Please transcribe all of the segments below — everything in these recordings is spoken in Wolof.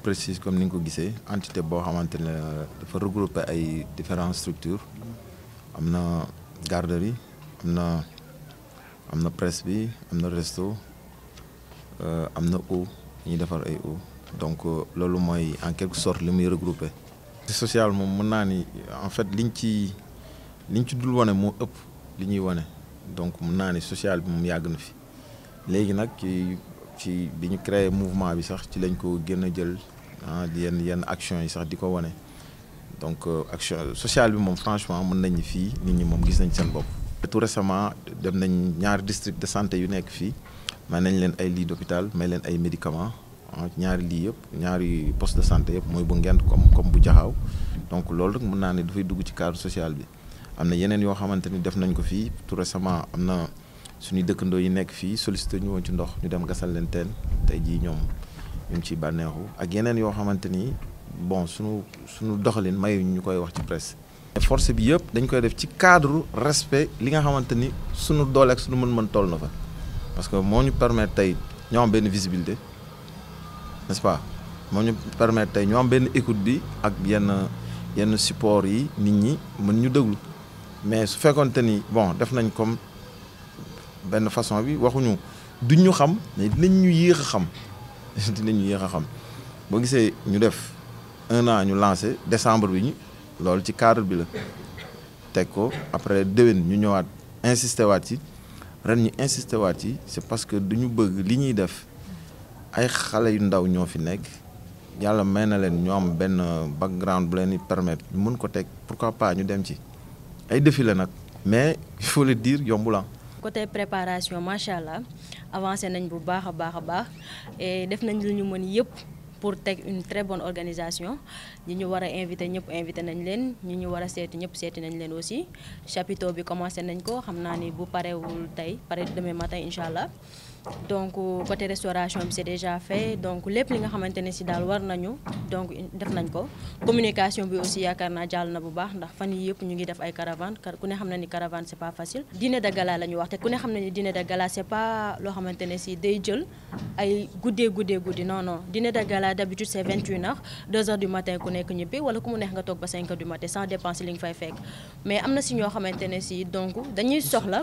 précise comme ni nga ko gisee entité boo xamante ne dafa regrouper ay différentes structures am garderie am na am presse bi am resto euh, am na eau ñuy defar ay eau donc euh, loolu mooy en quelque sorte li muy regrouper. social moom mën naa en fait liñ ci liñ ci dul wane moo ëpp li ñuy donc mën naa ni social bi moom yàgg na fi léegi nag ci biñu ñu créer mouvement bi sax ci lañ ko gën a jël ah yenn yenn action yi sax di ko wane donc euh, action sociale bi moom franchement mën nañu fii nit ñi moom gis nañ seen bopp. tout récemment dem nañ ñaari district de santé yu nekk fii may nañ leen ay lits d'hôpital may leen ay médicaments ah, ñaari lii yëpp ñaari poste de santé yëpp mooy bu Ngent comme comme bu jaxaw donc loolu rek mën naa ne dafay dugg ci cadre social bi am na yeneen yoo xamante ni def nañ ko fii tout récemment am na suñuy dëkkandoo yi nekk fii sollicité ñu woon ci ndox ñu dem gasal leen teen tey jii ñoom ñu ci ciy bànneexu ak yeneen yoo xamante ni bon suñu suñu doxalin mayuñ ñu koy wax ci presse. force bi yëpp dañ koy def ci cadre respect li nga xamante ni suñu doole ak suñu mën-mën toll na fa parce que moo ñu permettre tey ñoo am benn visibilité n'est-ce pas moo ñu permettre tey ñoo am benn écoute bi ak yenn yenn support yi nit ñi mën ñu déglu mais su fekkonte ni bon def nañ comme ben façon bi waxuñu duñu xam mais dinañ ñu yéex a xam dinañ ñu yéex a xam boo gisee ñu def un an ñu lancé décembre bi ñu loolu ci cadre bi la teg ko après déwén ñu ñëwaat insisté waat ci ren ñu insisté waat ci c'est parce que duñu bëgg li ñuy def ay xale yu ndaw ñoo fi nekk yàlla may na leen ñu am benn background bu leen permet, permettre ñu mën ko teg pourquoi pas ñu dem ci ay défi la nag mais il faut le dire yombu la côté préparation machallah allah avancé nañ bu baax a baax et def nañ lu ñu mën yépp pour tek une très bonne organisation ñi ñu wara inviter ñëpp inviter nañ leen ñi ñu wara séti ñëpp séti nañ leen aussi chapiteau bi commencé nañ ko xamna ni bu paré wul tay paré demain matin incha donc euh, côté restauration c'est déjà fait donc lépp li nga xamantene ci dal war nañu donc def nañ ko communication bi aussi yaakaar naa na bu baax ndax fan yi yëpp ñu ngi def ay caravane ku ne xam na ni caravane c'est pas facile dîner de gala lañu wax té ku ne xam na ni dîner de gala c'est pas lo xamantene ci si day jël ay goudé goudé guddi non non dîner de gala d'habitude c'est vingt h 2 deux heures du matin ku nekk ñibbi wala ku mu neex nga tok ba 5 heures du matin sans dépense li nga fay fekk mais amna na si ñoo xamantene ci donc dañuy soxla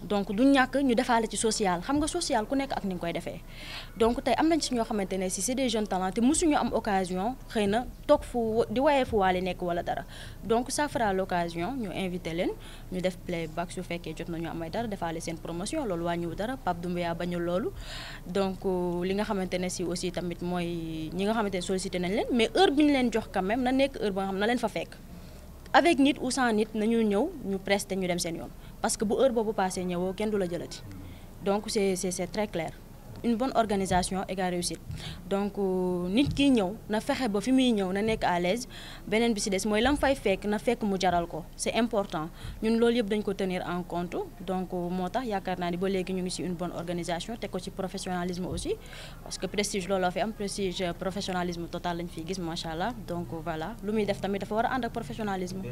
donc du ñàkk ñu defaale ci social xam nga social ku nekk ak ni nga koy defee donc tey am nañ si ñoo xamante ne si c'est des jeunes talents te mosuñu am occasion xëy na toog fu di wayee fu waale nekk wala dara donc ça fera l'occasion ñu invité leen ñu def playback su fekkee jot nañu amay dara defaale seen promotion loolu wàññiwu dara pap du Doumbia bañu loolu donc euh, li nga xamante ne si aussi tamit mooy ñi nga xamante ne sollicité nañ leen mais heure bi ñu leen jox quand même na nekk heure ba nga xam na leen fa fekk avec nit ou sans nit nañu ñëw ñu prester ñu dem seen yoon parce que bu heure boobu passé ñëwoo kenn du la jëlati donc c'est c'est très clair une bonne organisation égale réussite donc euh, nit ki ñëw na fexé ba fi muy ñëw na nek à l'aise benen bi ci dess moy lam fay fekk na fekk mu jaral ko c'est important ñun lool yëpp dañ ko tenir en compte donc euh, motax tax yaakaar ni ba légui ñu ngi ci une bonne organisation teg ko ci professionnalisme aussi parce que prestige looloo fi am prestige euh, professionnalisme total lañ fi gis machallah donc voilà lu muy def tamit dafa war a ànd ak professionnalisme.